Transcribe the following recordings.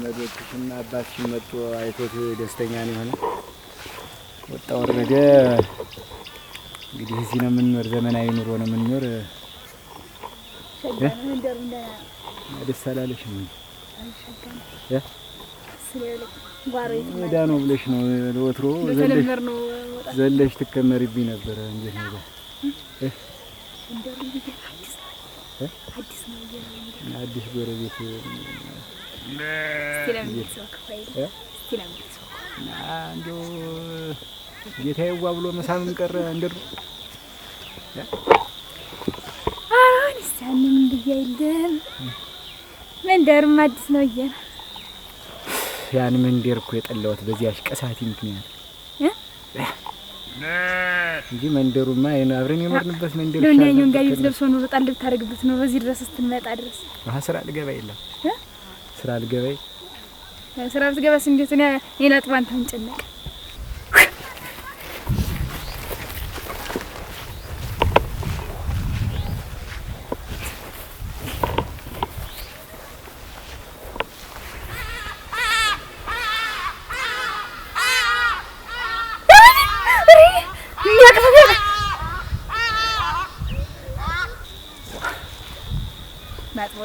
ዘመዶችሽም አባትሽም መጡ አይቶት ደስተኛ ነው የሆነ። ወጣ ወረደ እንግዲህ እዚህ ነው የምንኖር፣ ዘመናዊ ኑሮ ነው የምንኖር። ደስ አላለሽም? ወዳ ነው ብለሽ ነው ለወትሮ ዘለሽ ትከመሪብኝ ነበረ። እንዴት ነው አዲስ ጎረቤት እንደው ጌታ የዋ ብሎ መሳምም ቀረ እንደ ድሮ ሳንም ብዬ የለም መንደርም አዲስ ነው እያለ ያን መንደር እኮ የጠላሁት በዚያሽ ቀሳቲ ምክንያት እንጂ መንደሩማ አብረን የኖርንበት መንደር ነው። ያኛውን ጋቢት ለብሶ ኑሮ ጣል ብታደርግበት ነው በዚህ ድረስ ስትመጣ ድረስ ስራ ልገባ የለም ስራ ልገበይ ስራ ልትገባ እንዴት እኔ እኔ ላጥባን ተንጨነቀ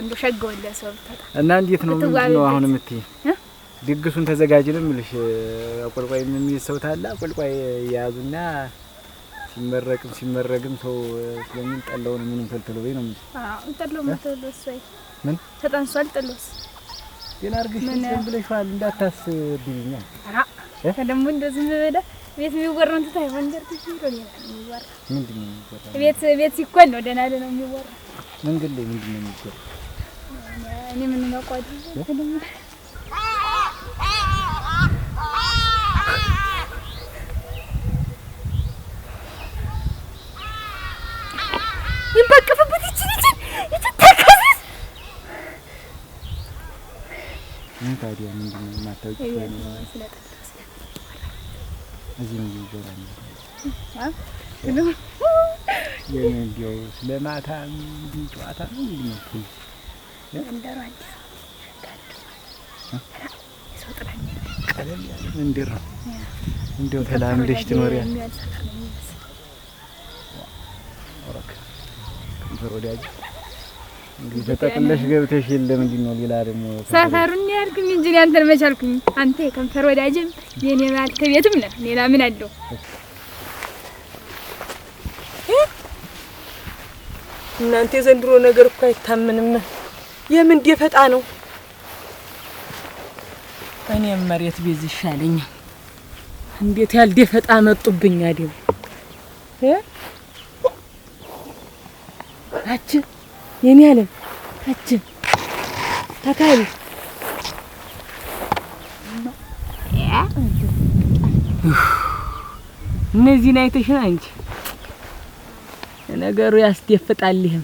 እንደው ሸገወለ ሰው ብታጣ እና እንዴት ነው ነው አሁን የምትይ ድግሱን ተዘጋጅልም ልሽ አቆልቋይ የሚይዝ ሰው ታለ አቆልቋይ የያዙና ሲመረቅም ሲመረግም ሰው ስለሚል ጠላውን ምንም ተልተሎ ወይ ነው አሁን ጠላው ምን ተልተሎ ምን ተጠንሷል ጥሎስ ግን አርግሽ ምን ብለሽዋል እንዳታስብልኝ አ እንደዚህ በበለ ቤት የሚወራውን ትታይ መንገድ ትሽሮኝ ነው የሚወራ ምንድን ነው የሚወራ ቤት ቤት ሲኮን ነው ደህና ደህና የሚወራ መንገድ ላይ ምንድን ነው የሚወራ እኔ ምን ነው ቆይ ስለማታ ጨዋታ ነው? እንደው ተላምደሽ ትኖሪያለሽ። ከንፈር እንግዲህ ተጠቅለሽ ገብተሽ የለም እንዲህ ነው። ሌላ ደግሞ ሰፈሩን እንጂ አንተን መቻልኩኝ። አንተ የከንፈር ወዳጅም የኔ ባልተቤትም ነህ። ሌላ ምን አለው? እናንተ የዘንድሮ ነገር እኮ አይታምንም። የምን ደፈጣ ነው? እኔም መሬት ቤዝ ይሻለኛል። እንዴት ያል ደፈጣ መጡብኝ አይደል? አች የኔ አለ አች ተካይ እነዚህን አይተሽን አንቺ ነገሩ ያስደፍጣልህም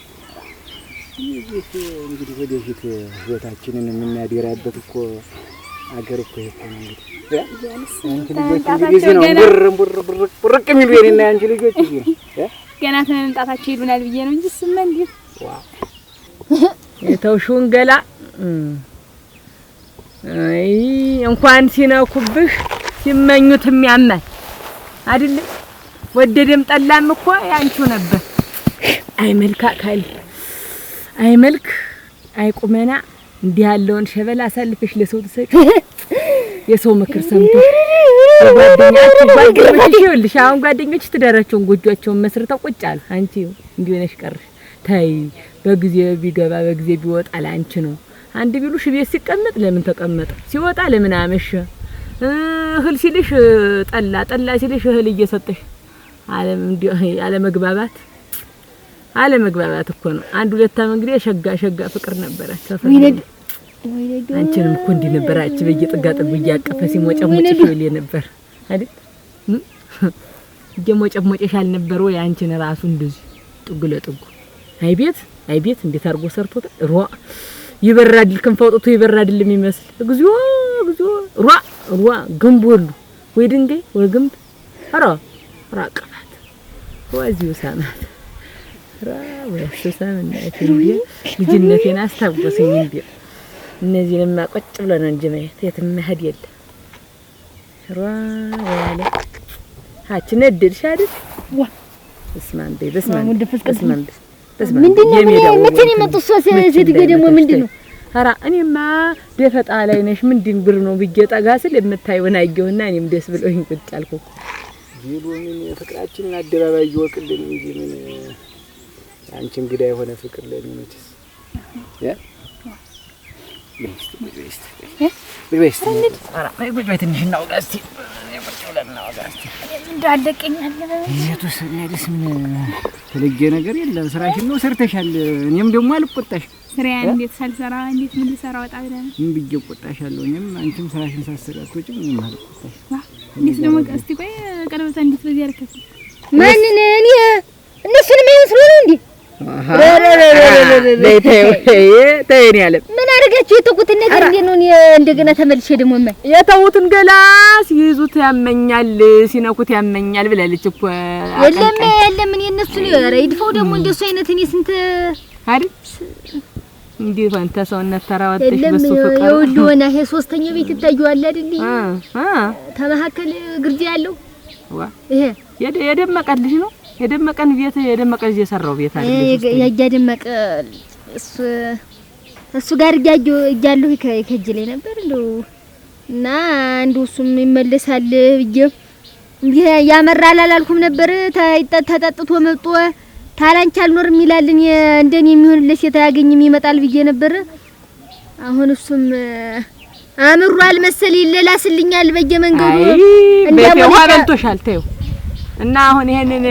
ይህ እንግዲህ ወደፊት ህይወታችንን የምናደራበት እኮ አገር እኮ ይሄ እኮ ነው እንግዲህ ነው የሚሉ የኔና ያንቺ ልጆች ገና ተመምጣታቸው ይሉናል ብዬ ነው እንጂ ስመ እንዲህ የተውሽውን ገላ እንኳን ሲነኩብሽ ሲመኙትም ያማል አይደለም። ወደደም ጠላም እኮ ያንቺው ነበር። አይ መልካ ካል አይ መልክ አይ ቁመና እንዲህ ያለውን ሸበላ አሳልፈሽ ለሰው ትሰጪ? የሰው ምክር ሰምቶ ጓደኛሽ አሁን ጓደኞች ትዳራቸውን ጎጆቸውን መስርተው ቁጭ አሉ። አንቺ እንዲህ ነሽ ቀርሽ። ታይ በጊዜ ቢገባ በጊዜ ቢወጣ ለአንቺ ነው። አንድ ቢሉሽ ቤት ሲቀመጥ ለምን ተቀመጠ፣ ሲወጣ ለምን አመሸ፣ እህል ሲልሽ ጠላ፣ ጠላ ሲልሽ እህል እየሰጠሽ አለም እንዲህ አለመግባባት እኮ ነው። አንድ ሁለት አመት እንግዲህ ሸጋ ሸጋ ፍቅር ነበራቸው። አንቺንም እኮ እንዲህ ነበራችሁ በየጥጋ ጥጉ እያቀፈ ሲሞጨሞጭሽ ይል ነበር አይደል? እየሞጨሞጨሽ አልነበር ወይ? አንቺን ራሱ እንደዚህ ጥጉ ለጥጉ አይ ቤት አይ ቤት እንዴት አድርጎ ሰርቶታል። ሯ ይበራድል ድል ክንፍ አውጥቶ ይበራ የሚመስል እግዚኦ እግዚኦ ሯ ሯ ግንብ ሁሉ ወይ ድንጋይ ወይ ግንብ ራ ቀፋት ወዚሁ ሳማት ልጅነቴን አስታወሰኝ። እንዲ እነዚህንማ ቆጭ ብሎ ነው እንጂ መሄድ የትም መሄድ የለ ሯ ያለ ሀቺ አይደል? ዋ በስመ አብ በስመ ምንድን ነው መቼ ነው የመጡት? እሷ ሴትዮ ደግሞ ምንድን ነው? ኧረ እኔማ ደፈጣ ላይ ነሽ ምንድን ብር ነው ብዬ ጠጋ ስል የምታይውን አየሁና እኔም ደስ ብሎኝ ቁጭ አልኩ። ሄሎ ምን ፍቅራችንን አደባባይ ይወቅልን እንጂ ምን አንቺ እንግዳ የሆነ ፍቅር ለኔ ነችስ ተለየ ነገር የለም። ስራሽን ነው ሰርተሻል። እኔም ደግሞ አልቆጣሽ። ስራዬ እንዴት ሳልሰራ እንዴት ምን ልሰራ ወጣ ብለህ ነው? ምን ብዬሽ እቆጣሻለሁ? እኔም አንቺም ስራሽን ሳትሰሪ አትወጪም፣ አልቆጣሽ። እንዴት ደግሞ እስቲ ቆይ ቀለበቷ እንዴት በዚህ ያረከስ ማንን እኔ እነሱን የማይመስሉ ነው እንዴ? ተይ ምን አድርጋችሁ የተውኩትን ነገር እንዴት ነው እንደገና ተመልሼ ደግሞ የማይ የተውትን ገላ ሲይዙት ያመኛል፣ ሲነኩት ያመኛል ብላለች እኮ የለም የለም። እኔ ኧረ ይድፈው ደግሞ እንደሱ አይነት እኔ ስንት አይደል ሰውነት ሆነ። ይሄ ሶስተኛው ቤት ይታየዋል አይደል? ተመሀከል ግርጌ ያለው ይሄ የደመቀልሽ ነው የደመቀን ቤት የደመቀ ልጅ የሰራው ቤት አለ። ያያ ደመቀ እሱ እሱ ጋር እያጆ እያለሁ ይከጅለኝ ነበር እንደው እና እንደው እሱም ይመለሳል ብዬ ያመራል አላልኩም ነበር። ተጠጥቶ መጥቶ ታላንቺ አልኖርም ይላልን እንደኔ የሚሆንለት ሴት አያገኝም ይመጣል ብዬ ነበር። አሁን እሱም አምሯል መሰል ይለላስልኛል በየመንገዱ እንደ ውሃ በልቶሻል። ተይው እና አሁን ይሄንን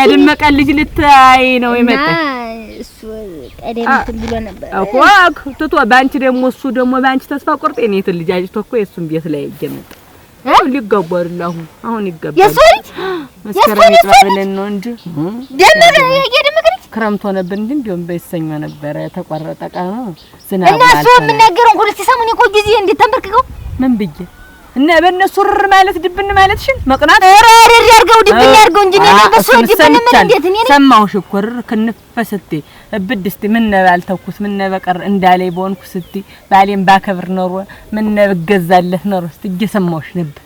ያደመቀን ልጅ ልታይ ነው የመጣው። እሱ ቀደም ብሎ ነበር እኮ ትቶ ባንቺ ደግሞ እሱ ደግሞ ባንቺ ተስፋ ቆርጦ የእኔ እንትን ልጅ አጭቶ እኮ የእሱን ቤት ላይ ይገመጥ አሁን አይደል? አሁን አሁን ይጋባል። የእሱ ልጅ መስከረም ይጥራብልን ነው እንጂ ደምር የደምር ክረምቶ ነበር እንጂ እንደውም በይሰኞ ነበረ የተቆረጠ ቀኑ ዝናብ እና እሱ የሚናገረውን ሁሉ ሲሰሙን እኮ ጊዜ እንዴት ተንበርክከው ምን ብዬ እና በእነሱ ርር ማለት ድብን ማለት ሽን መቅናት። ኧረ ርር ያርገው ድብን ያርገው እንጂ ነው በሱ ድብን ማለት እንዴት እኔ ሰማሁሽ እኮ ርር ክንፍ ስትይ እብድ እስቲ ምን ባልተኩት ምን በቀር እንዳላይ በሆንኩ ስትይ ባሌን ባከብር ኖሮ ምን ብገዛለት ኖሮ እስቲ እየሰማሁሽ ነበር።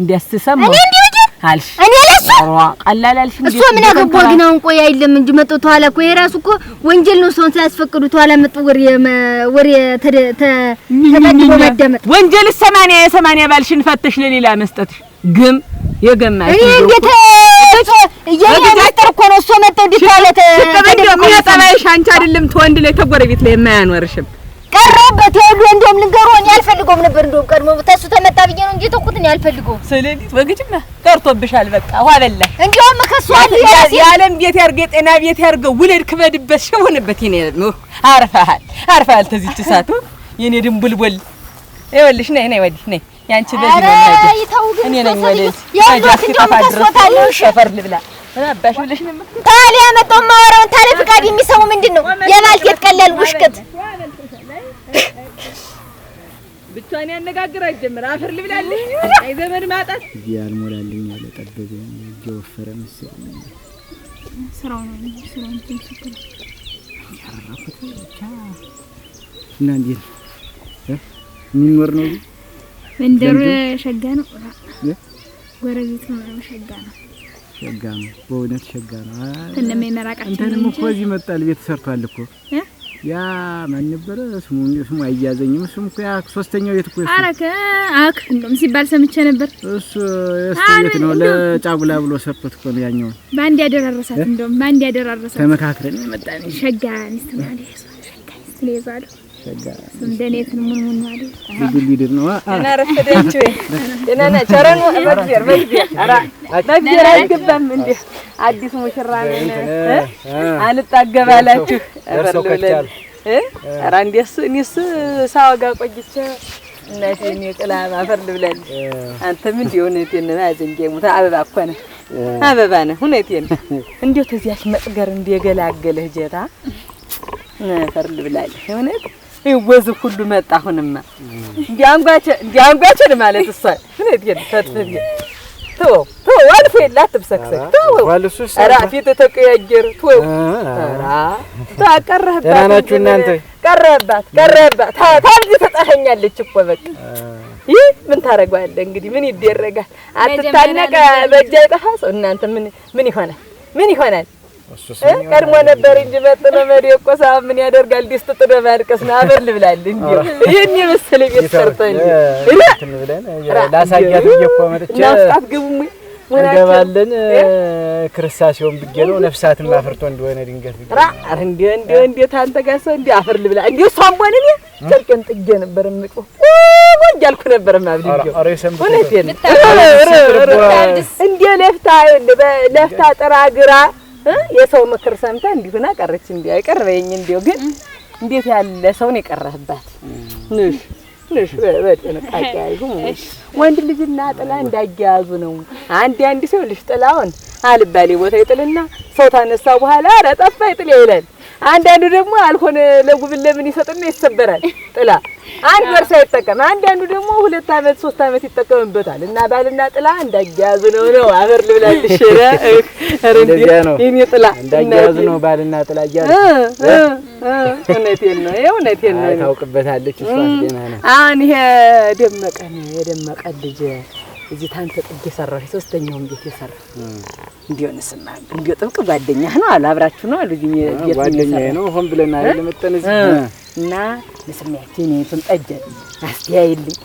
እንዲያስተሰማ እኔ እንዲውጂ አልሽ እኔ ለሱ ቀላል አልሽ። እሱ ምን አገባው ግን አሁን ቆይ አይደለም እንጂ መጥቶ ተኋላ እኮ የራሱ እኮ ወንጀል ነው። ሰውን ስላስፈቅዱ ተኋላ መጥቶ ወሬ ወሬ ተመድቦ መደመጥ ወንጀል ሰማንያ የሰማንያ ባልሽን ፈተሽ ለሌላ መስጠትሽ ግም የገማሽ እኔ እንዴት እኮ ነው እሱ መጥቶ እንዲህ ተዋለት ተደብቆ ነው። ጠባይሽ አንቺ አይደለም ተወንድ ላይ ተጎረቤት ላይ የማያኖርሽም ቀረበት ያሉ እንደውም ልንገሩ እኔ አልፈልገውም ነበር። እንደውም ቀድሞ ተሱ ተመጣ ብዬ ነው እንጂ ተኩት እኔ አልፈልገውም። ስለዚህ ወግጅማ ቀርቶብሻል። በቃ ውሃ በላሽ። እንደውም ከሷል የዓለም ቤት ያርገ የጤና ቤት ያርገ ውለድ ክበድበት ሽሆንበት ይኔ ነው። አርፈሃል አርፈሃል። ተዚች ሰዓት የኔ ድንቡልቦል ይኸውልሽ ነይ ነይ ወዲህ ነይ። ያንቺ በዚህ ነው ያለው እኔ ነኝ ወዲህ ያጃስ ከፋ ድረስ ሰፈር ልብላ ታዲያ መጣው ማወራውን ታዲያ ፍቃድ የሚሰሙ ምንድን ነው የባልቴት ቀላል ውሽቅት ብቻዋን ያነጋግር አይጀምር አፈር ልብላለች። አይ ዘመድ ማጣት እዚህ አልሞላልኝ ያለ ጠበበ እየወፈረ መሰለኝ ስራው ነው ስራው ነው ትክክል ያራራኩት ብቻ እና እንዴት የሚኖር ነው መንደሩ ሸጋ ነው። ሸጋ ነው ሸጋ ነው። በእውነት ሸጋ ነው። እንተንም እኮ እዚህ መጣል ቤት ሰርቷል እኮ ያ ማን ነበረ ስሙ? ስሙ አያዘኝም። ስሙ እኮ ያ ሶስተኛው ቤት እኮ ኧረ አክ እንደውም ሲባል ሰምቼ ነበር። እሱ እሱ ነው ለጫጉላ ብሎ ሰጥቶት እኮ ነው ያኛው። በአንድ ያደራረሳት እንደውም በአንድ ያደራረሳት። ተመካክረን መጣን። ሸጋ ሚስት ማለት ነው። ሸጋ ሚስት አይገባም። እንደ አዲስ ሙሽራ ነን ኧረ እንደሱ እኔስ ሳወጋ ቆይቼ እናቴ እኔ ቅላ ማፈር ልብላለሁ። አንተም እንደው እውነቴን ነው አዘንጌ አበባ እኮ ነህ አበባ ነህ። እውነቴን እንደው ተዚያች መጥገር እንደገላገለህ ጀታ ማፈር ልብላለህ እውነት ይወዝ ሁሉ መጣ። አሁንማ እንዲያንጓቸ እንዲያንጓቸን ማለት እሷ ምን ይደል ፈትፈት የለ አትብሰክሰክ። ፊት ተቀያየር። እናንተ? ታልጅ እኮ በቃ። ይህ ምን ታደርገዋለህ እንግዲህ፣ ምን ይደረጋል? አትታነቀ በእጅ አይጠፋ ሰው። እናንተ ምን ምን ይሆናል? ምን ይሆናል? ቀድሞ ነበር እንጂ መጥኖ መደቆሳ ምን ያደርጋል? ድስት ጥዶ ማድቀስ ነው። አበር ልብላል እንጂ ይሄን የመሰለ ቤት ሰርተን ላሳያት እኮ መጥቼ ናፍጣት ግቡም እንገባለን። ክርስታሴውን ብዬሽ ነው ነፍሳትም አፍርቶ እንደሆነ ድንገት ብዬሽ ነው። ኧረ እንደ አንተ ጋር ሰው እንደ አፈር ልብላ እንደ እሷም እኔ ጨርቄን ጥጌ ነበር የምቆ እያልኩ ነበር ማብድ እንደ ለፍታ ለፍታ ጥራ ግራ የሰው ምክር ሰምታ እንዲሁና ቀረች። እንዲያው አይቀርበኝ እንዲያው ግን እንዴት ያለ ሰውን የቀረህባት ንሽ ንሽ በጥንቃቄ አይዙ ወንድ ልጅና ጥላ እንዳያያዙ ነው። አንድ አንድ ሰው ልጅ ጥላውን አልባሌ ቦታ ይጥልና ሰው ታነሳ በኋላ ኧረ ጠፋ ይጥል ይላል አንዳንዱ ደግሞ አልሆነ ለጉብል ለምን ይሰጥና ይሰበራል ጥላ አንድ ወር ሳይጠቀም፣ አንዳንዱ ደግሞ ሁለት አመት ሶስት አመት ይጠቀምበታል። እና ባልና ጥላ እንዳያያዙ ነው ነው አበር ልብላልሽ ረ ነው ይሄን ጥላ እንዳያያዙ ነው ባልና ጥላ ያያዙ እውነቴን ነው እውነቴን ነው ታውቅበታለች። እሷ ገና ነው አሁን ይሄ ደመቀን የደመቀን ልጅ እዚህ ታንተ ጥግ የሰራሽ ሶስተኛውን ቤት የሰራ እንዲሆን ስማ እንዲሁ ጥብቅ ጓደኛህ ነው አሉ አብራችሁ ነው አሉ ጓደኛዬ ነው ሆን ብለና አይደል መጠን እዚህ እና እኔ ይሄን ጠጀ አስተያይልኝ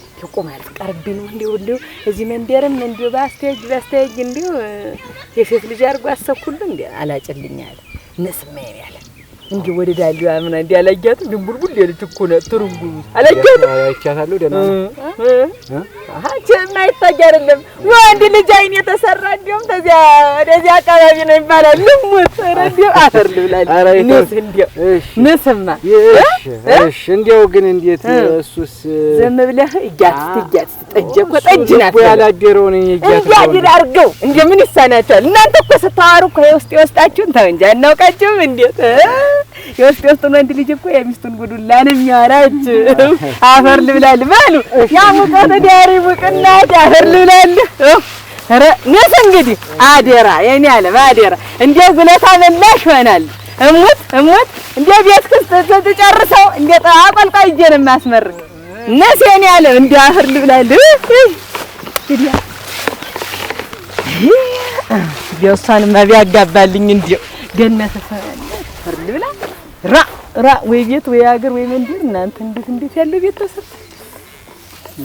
ማለት ቀርቢ ነው እንዲሁ እንዲሁ እዚህ መንደርም እንዲሁ ባስተያጅ ባስተያጅ እንዲሁ የሴት ልጅ አድርጎ አሰብኩሉ እንዲ አላጭልኝ አለ ነስማ ያለ እንዲ ወደ ዳሉ አምና እንዲ አላያትም ድንቡልቡል ያለች እኮ ነው ትርንጉ አላያትም አያቻታለሁ ደህና ነው አንቺ ወንድ ልጅ አይን የተሰራ እንዲያውም ተዚያ ወደዚያ አካባቢ ነው ይባላል። ልሙት እንዲያው አፈር ልብላለሁ። ንስማ እሺ፣ እንዲያው ግን እንዴት እሱስ ዝም ብለህ እያት እያት ጠጅ እኮ ጠጅ ናት ያላደረው እያት አድርገው እንደ ምን ይሳናቸዋል እናንተ እኮ ስታዋሩ እኮ የውስጥ የውስጣችሁን ተው እንጂ አናውቃችሁም። እንዴት የውስጥ የውስጡን ወንድ ልጅ እኮ የሚስቱን ጉዱላ ነው የሚያወራች አፈር ልብላል በሉ ያሙቀት ዲያሪ ሙቅና ነስ እንግዲህ አደራ የኔ ዓለም አደራ፣ እንዲያው ግለታ መላሽ ይሆናል። እሙት እሙት ቤት ክስ እንደ ነው የማስመርቅ። ነስ የኔ እንደ ገነት ልብላ ራ ራ ወይ ቤት ወይ አገር ወይ መንደር እናንተ እንዴት እንዴት ያለ ቤት ተሰጥ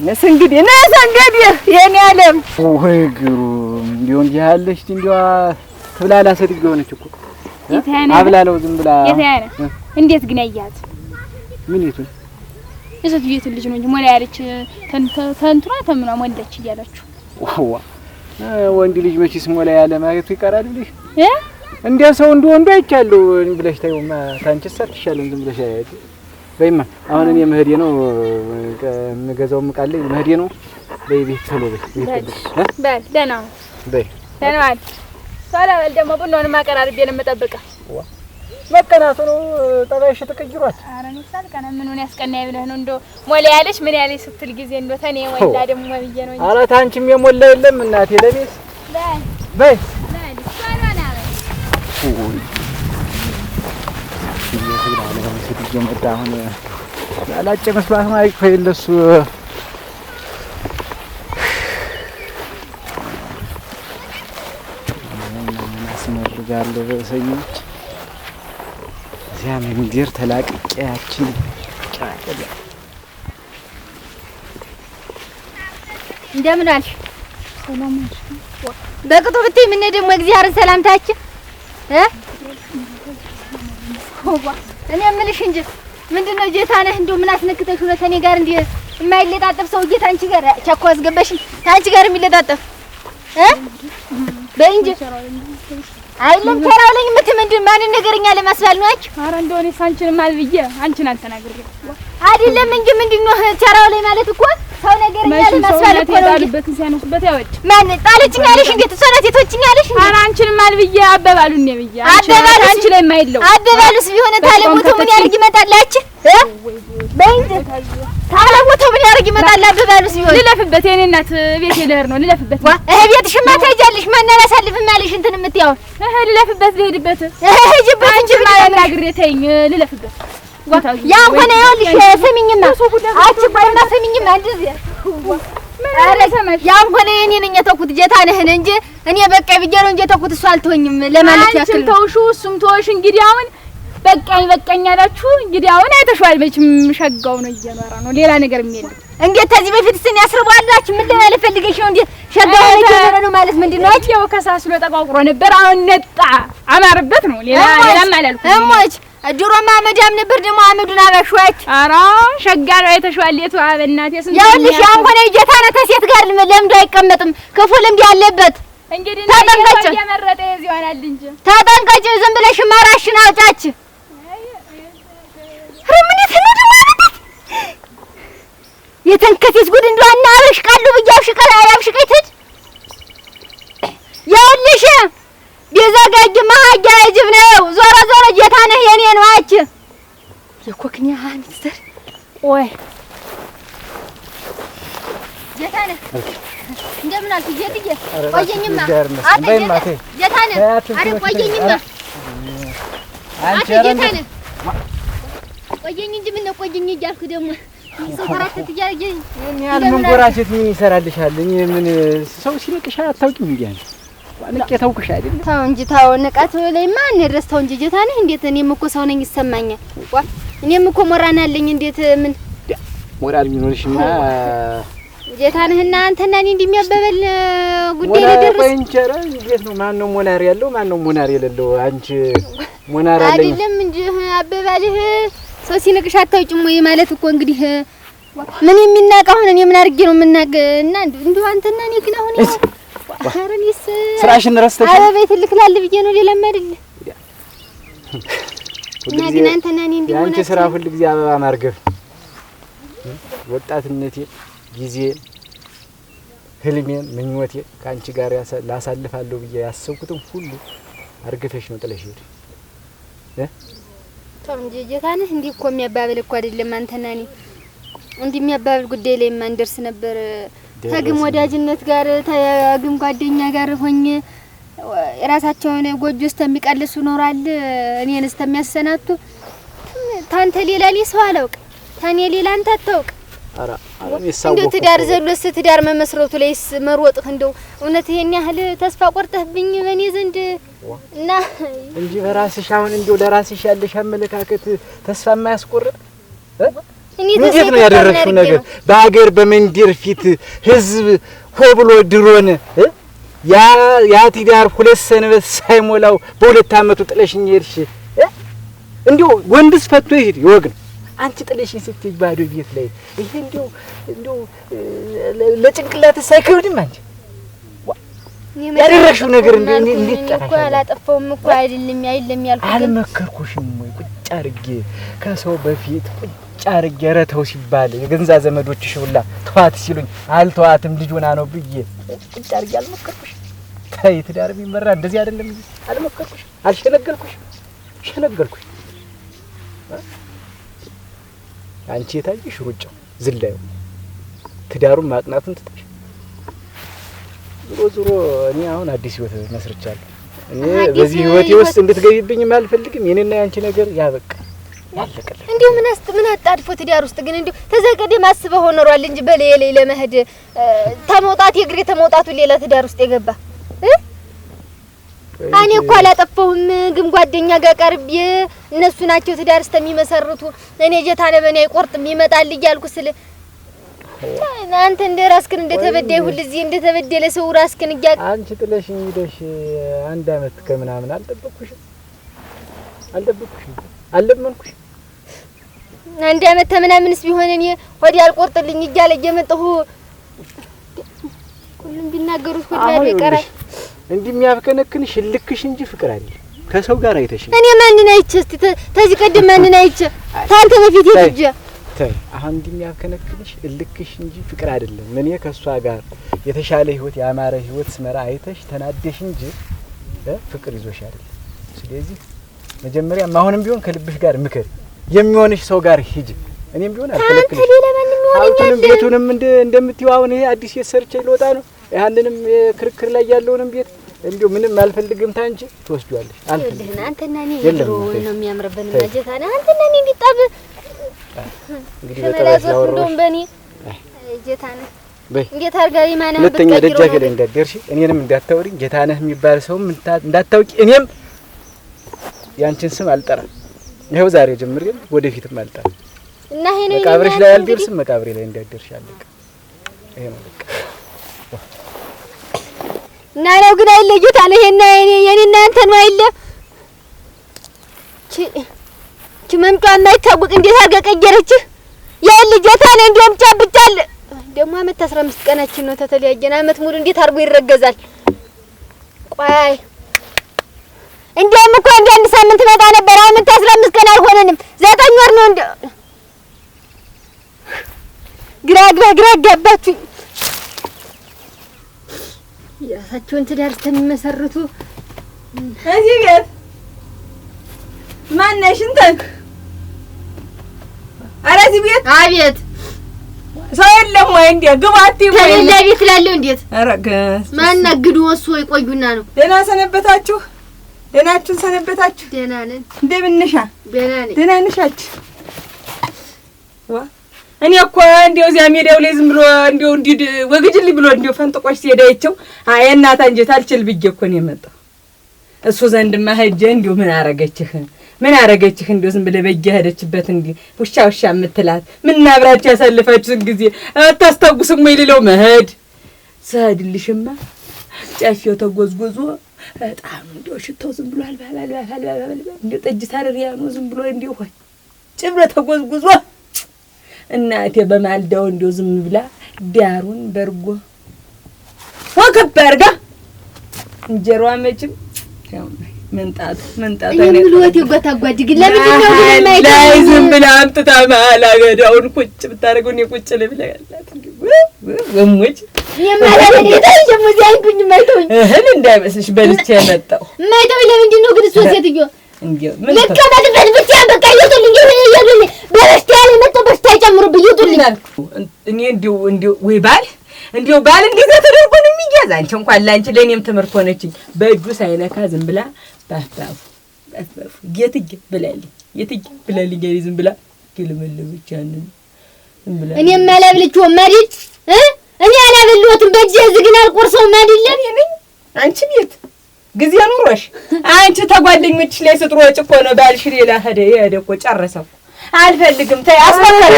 ነስ እንግዲህ ነስ እንግዲህ የኔ ዓለም ወይ ግሩም እንዲሁ እንዲህ ያለሽ እንዲዋ ትብላላ ሰድግ የሆነች እኮ አብላለው ዝም ብላ እንዴት ግን ያያት ምን ይቱ እዚህ ቤት ልጅ ነው እንጂ ሞላ ያለች ተንትራ ተምና ወንደች እያላችሁ ዋዋ ወንድ ልጅ መቼስ ሞላ ያለ ማየቱ ይቀራል ልጅ እንደ ሰው እንደ ወንዱ አይቻለሁ ብለሽ ታዩማ ታንቺስ አትሻለም ዝም ብለሽ አያት በይማ አሁን እኔ መሄዴ ነው የምገዛው ምቃለኝ መሄዴ ነው። በይ ቤት ቶሎ በይ በይ ደህና በይ ደህና በል ደግሞ ነው ነው ነው ሞላ ያለሽ ምን ያለሽ ስትል ጊዜ ተኔ ነው የሞላ የለም እናቴ ለቤት በይ በይ እየመጣ አሁን ያላጨ መስባት ማይቆ የለሱ አስመርጋለሁ በሰኞች እዚያ መንገድ ተላቅቄ ያችን ጫቅል እንደምን አልሽ? ሰላም አልሽ? በቅጡ ብትይ ምን ደግሞ እግዚአብሔር ሰላምታችን እ እኔ የምልሽ እንጂ ምንድን ነው ጌታ ነህ? እንደው ምን አስነክተሽ ነው ከእኔ ጋር እንዲህ የማይለጣጠፍ ጌታ ታንቺ ጋር ቸኮ አስገባሽኝ። ታንቺ ጋር የሚለጣጠፍ በይ እንጂ አይለም ተራው ለኝ ምት ምንድን ማንን ነገርኛ ለማስባል ነው አንቺ? ኧረ እንደው እኔ ሳንቺን ማልብዬ አንቺን አልተናግሬ አይደለም እንጂ ምንድን ነው ተራው ላይ ማለት እኮ ሰው ነገር እያለ መስፈል ነው ያለበት ሲያነሱበት ያወጭ ማን ጣለችኝ እንዴት ሰውነት የተወችኝ ኧረ አንቺንም አልብዬ አበባሉ እንደ ብዬ አበባሉ አንቺ ላይ የማይለው አበባሉስ ቢሆን ታለሞተው ምን ያደርግ ይመጣል? በይንት ታለሞተው ምን ያደርግ ይመጣል? አበባሉስ ቢሆን ልለፍበት የእኔ እናት ቤት ልሄድ ነው ልለፍበት። እህ ቤትሽማ ትሄጃለሽ። ማን አላሳልፍም አለሽ? እንትን የምትያውን እህ ልለፍበት ልሄድበት እህ ሂጂበት እንጂ ማ ያናግሬ ተይኝ ልለፍበት ያም ሆነ ይኸውልሽ፣ ስሚኝማ አንቺ ቆይማ ስሚኝማ፣ እንደዚህ ያም ሆነ ነኝ እንጂ እኔ በቃ ነው እንጂ እሱ አልተወኝም ለማለት ያክል እሱም ተወሽ። እንግዲህ አሁን በቃኝ በቃኝ አላችሁ። እንግዲህ አሁን አይተሽዋል መቼም ሸጋው ነው እየኖረ ነው፣ ሌላ ነገር እንዴት ከዚህ በፊት ስን ምን ነው? እንዴት ሸጋው ነው እየኖረ ነው ማለት ምንድን ነው? ከሳስሎ ነበር፣ አሁን ነጣ ነው። ሌላ እሞች ድሮማ መዳም ነበር ደግሞ አመዱን አበሽዋች። ኧረ ሸጋ ነው የተሸዋል። የቱ አበናት የስንት ያልሽ ያንኮነ እጀታ ነው። ተሴት ጋር ለምዶ አይቀመጥም። ክፉ ልምድ ያለበት እንግዲህ ተጠንቀጭ። ያመረጠ እዚህ ይሆናል እንጂ ተጠንቀጭ። ዝም ብለሽ ማራሽን አውጫች። ምን ይፈነድ ማለት የተንከቴስ ጉድ እንደዋና አበሽቃለሁ ብዬ አብሽቀ አብሽቀይት ቢዘገጅ መሀጃ የጅብ ነው። ዞሮ ዞሮ ጌታ ነህ የኔ ነው። አች የኮክኒያ ሚኒስተር ቆይ ምን ይሰራልሻል? ምን ሰው ሲለቅሻ አታውቂም እያለኝ ንቄ ተውኩሽ አይደል? ተው እንጂ ተው። ንቀት እንድረስ ተው እንጂ ነህ። እንዴት እኔም እኮ ሰው ነኝ ይሰማኛል። እኔም እኮ ሞራን አለኝ። እንዴት ምን ሞራል ቢኖርሽና ጌታ ነህና አንተና እኔ እንደሚያበበል ጉዳይ እንዴት ነው? ማን ነው ሞናር ያለው? ማን ነው ሞናር የሌለው? አንቺ ሞናር አለኝ አይደለም እንጂ አበባልህ ሰው ወይ ማለት እኮ እንግዲህ ምን የሚናቅ አሁን እኔ ምን አድርጌ ነው የምናቅ እና እንዲሁ አንተና እኔ ግን አሁን ስራሽን ረስተሽ አበቤት ልክላል ብዬ ነው ሌላም አይደለ። ግን አንተና እኔ እንዲሆን አንቺ ስራ ሁል ጊዜ አበባ ማርገፍ። ወጣትነቴ ጊዜ ህልሜን ምኞቴ ከአንቺ ጋር ላሳልፋለሁ ብዬ ያሰብኩትን ሁሉ አርግፈሽ ነው ጥለሽ ሄድ እ ቶም ጀጀታ እንዲህ እኮ የሚያባብል እኮ አይደለም። አንተና እኔ እንዲህ የሚያባብል ጉዳይ ላይ ማንደርስ ነበር። ከግም ወዳጅነት ጋር ከግም ጓደኛ ጋር ሆኜ የራሳቸውን ጎጆ እስከሚቀልሱ ኖራል። እኔን እስከሚያሰናቱ ታንተ ሌላ ሌ ሰው አላውቅ ታኔ ሌላ አንተ አታውቅ። እንደ ትዳር ዘሎ ስ ትዳር መመስረቱ ላይስ መሮጥህ እንደው እውነት ይሄን ያህል ተስፋ ቆርጠህብኝ በእኔ ዘንድ እና እንጂ በራስሽ አሁን እንደው ለራስሽ ያለሽ አመለካከት ተስፋ የማያስቆርጥ እንዴት ነው ያደረግሽው ነገር? በሀገር በመንደር ፊት ህዝብ ሆ ብሎ ድሮን ያ ያ ትዳር ሁለት ሰንበት ሳይሞላው በሁለት አመቱ ጥለሽኝ ሄድሽ። እንዲሁ ወንድስ ፈቶ ይሄድ ይወግ ነው። አንቺ ጥለሽኝ ስትይ ባዶ ቤት ላይ ይሄ እንዲሁ እንዲሁ ለጭንቅላት ሳይከብድም አንቺ ያደረግሽው ነገር እንዴት ጠራሽ? አላጠፋሁም እኮ አይደለም አይደለም ያልኩት አልመከርኩሽም ወይ? ቁጭ አድርጌ ከሰው በፊት ቁጭ ቁጭ አድርጌ ሲባል የገንዛ ዘመዶች ሽውላ ተዋት ሲሉኝ አልተዋትም ልጅ ነው ብዬ ቁጭ አድርጌ አልሞከርኩሽ። ታይ ትዳር የሚመራ እንደዚህ አይደለም። አልሞከርኩሽ፣ አልሸነገልኩሽ፣ ሸነገልኩሽ። አንቺ የታየሽ ሩጫው፣ ዝላዩ፣ ትዳሩን ማቅናቱን ትተሽ ዞሮ ዞሮ እኔ አሁን አዲስ ህይወት መስርቻለሁ። እኔ በዚህ ህይወቴ ውስጥ እንድትገቢብኝም አልፈልግም። የኔና ያንቺ ነገር ያበቃ እንዲሁ ምን አስጥ ምን አጣድፎ ትዳር ውስጥ ግን እንዲሁ ተዘቀደም አስበህ ሆኖሯል እንጂ በሌላ ለመሄድ ተመውጣት የእግሬ ተመውጣቱ ሌላ ትዳር ውስጥ የገባ እኔ እኮ አላጠፋሁም። ግን ጓደኛ ጋር ቀርቤ እነሱ ናቸው ትዳር እስከሚመሰርቱ እኔ ጀታ ለበኔ አይቆርጥም ይመጣል እያልኩ ስል አንተ እንደ ራስክን እንደ ተበዳይ ሁል እዚህ እንደ ተበደለ ሰው ራስክን እያ አንቺ ጥለሽኝ ሄደሽ አንድ አመት ከምናምን አልጠበቅኩሽም አልጠበቅኩሽም አለመንኩሽ። አንድ አመት ተምናምንስ ቢሆን እኔ ሆዴ አልቆርጥልኝ እያለ እየመጣሁ ሁሉም ቢናገሩሽ ሁሉ ይቀራል። እንዲህ የሚያብከነክንሽ ልክሽ እንጂ ፍቅር አለ ከሰው ጋር አይተሽ እኔ ማንን አይቼ እስቲ ተዚህ ቀደም ማንን አይቼ ታንተ በፊት ይጅ ተይ አሁን እንዲህ የሚያብከነክንሽ ልክሽ እንጂ ፍቅር አይደለም። እኔ ከእሷ ጋር የተሻለ ህይወት ያማረ ህይወት ስመራ አይተሽ ተናደሽ እንጂ ፍቅር ይዞሽ አይደለም። ስለዚህ መጀመሪያ አሁንም ቢሆን ከልብሽ ጋር ምክር፣ የሚሆንሽ ሰው ጋር ሂጅ። እኔም ቢሆን አልከለክልሽ። ሀብቱንም ቤቱንም እንደምትይው አሁን ይሄ አዲስ የሰርቼ ልወጣ ነው። ያንንም ክርክር ላይ ያለውንም ቤት እንዲሁ ምንም አልፈልግም። ታንቺ ትወስጂዋለሽ። አልፈልግም። አንተና እኔ ነው የሚያምርብን ማጀታ ነው። አንተና እኔ ቢጣብ እንግዲህ በእኔ ሁለተኛ ደጃፌ ላይ እንዳትደርሺ፣ እኔንም እንዳታወሪኝ። ጌታነህ የሚባል ሰውም እንዳታውቂ እኔም ያንቺን ስም አልጠራም። ይኸው ዛሬ ጀምር ግን ወደፊትም አልጠራም እና ይሄ ነው መቃብርሽ ላይ አልደርስም። መቃብሬ ላይ እንዳደርሽ አለቀ። ይሄ ነው በቃ እና ነው ግን አይለዩት አለ። ይሄና የኔ የኔና አንተ ነው አይለ ቺ ቺ መምጫ የማይታወቅ እንዴት አድርጋ ቀየረችህ? ይሄ ልጅታ ነው እንደውም ጫብጫል ደግሞ አመት አስራ አምስት ቀናችን ነው ተተለያየን። አመት ሙሉ እንዴት አድርጎ ይረገዛል? ቆይ እንዲያውም እኮ እንደ አንድ ሳምንት መጣ ነበር። አሁን እንትን አስራ አምስት ቀን አልሆነንም፣ ዘጠኝ ወር ነው። እንደ ግራ ግራ ግራ አጋባችሁኝ። የራሳቸውን ትዳር እስከሚመሰርቱ እዚህ ቤት ማነሽ? እንትን ኧረ እዚህ ቤት አቤት ሰው የለም ወይ? እንደ ግቡ አትይም ወይ? ከሌለ ቤት እላለሁ። እንዴት ማናግዱ ወስዶ ይቆዩና ነው። ደህና ሰነበታችሁ ደህናችሁን ሰነበታችሁ? ደህና ነን። እንደምን ነሻ? ደህና ነኝ። ደህና ነሻችሁ? ዋ እኔ እኮ እንዲያው እዚያ ሜዳው ላይ ዝም ብሎ እንዲያው እንዲድ ወግጅልኝ ብሎ እንዲያው ፈንጥቆሽ ሲሄድ አይቼው አይ እናት አንጀት አልችል ብዬ እኮ ነው የመጣው። እሱ ዘንድማ ሂጅ እንዲያው ምን አረገችህ? ምን አረገችህ? እንዲያው ዝም ብለህ በጀ ሄደችበት እንዲህ ውሻ ውሻ የምትላት ምን አብራችሁ ያሳልፋችሁትን ጊዜ አታስታውስም ወይ ልለው መሄድ ስሄድልሽማ ጨፌው ተጎዝጉዞ በጣም እንዲያው ሽቶ ዝም ብሎ እንዲያው ጠጅ ነው። ዝም ብሎ እንዲያው ሆይ ጭብረ ተጎዝጉዞ እናቴ በማልዳው እንዲያው ዝም ብላ ዳሩን በርጎ ወከብ አድርጋ እንጀራዋ መችም መንጣቱ መንጣቱ ግን ለምንድን ነው ግን ዝም ብላ አምጥታ ቁጭ ብታደርገው እኔ ቁጭ ልብለላት ወሞች እህል እንዳይመስልሽ በልቼ የመጣው የማይተው ለምንድን ነው ግን? እሷ ሴትዮ እንዲው ባል እንዴት ተደርጎ ነው የሚያዝ? አንቺ እንኳን ለአንቺ ለእኔም ትምህርት ሆነችኝ። በእጁ ሳይነካ ዝም ብላ ባባቡ ባባቡ የትዬ ብላለች የትዬ ብላለች ዝም ብላ ትልምልም ብቻ ነው እኔ የማላብልችው ማዲት እ እኔ አላበላሁትም። በእጅ ዝግናል ቆርሰውም አይደለም አንቺ ቤት ጊዜ ኑሮሽ አንቺ ተጓደኞች ላይ ስትሮጭ እኮ ነው ባልሽ ሌላ ሄደ ሄደ እኮ ጨረሰው። አልፈልግም ተይ፣ አስፈለግ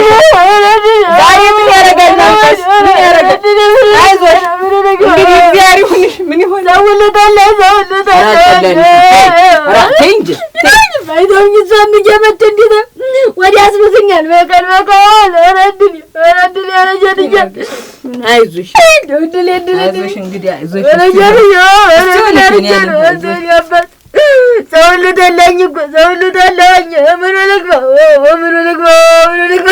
ዛሬ ምን ያደርጋል? ማንፈስ ምን ያደርጋል? አይዞሽ እንግዲህ እግዚአብሔር ይሁንሽ። ምን ይሆን ሰውነታለ ሰውነታለ ቴንጅ ባይተውኝ እሷም እየመት እንዲት ወዲያ አስብትኛል። በቀን በቀን ኧረ እድል ኧረ አይዞሽ እድል እድል እድል እንግዲህ ሰው ሁሉ ተላኝ እኮ ሰው ሁሉ ተላኝ። ምኑ ልግባ ምኑ ልግባ ምኑ ልግባ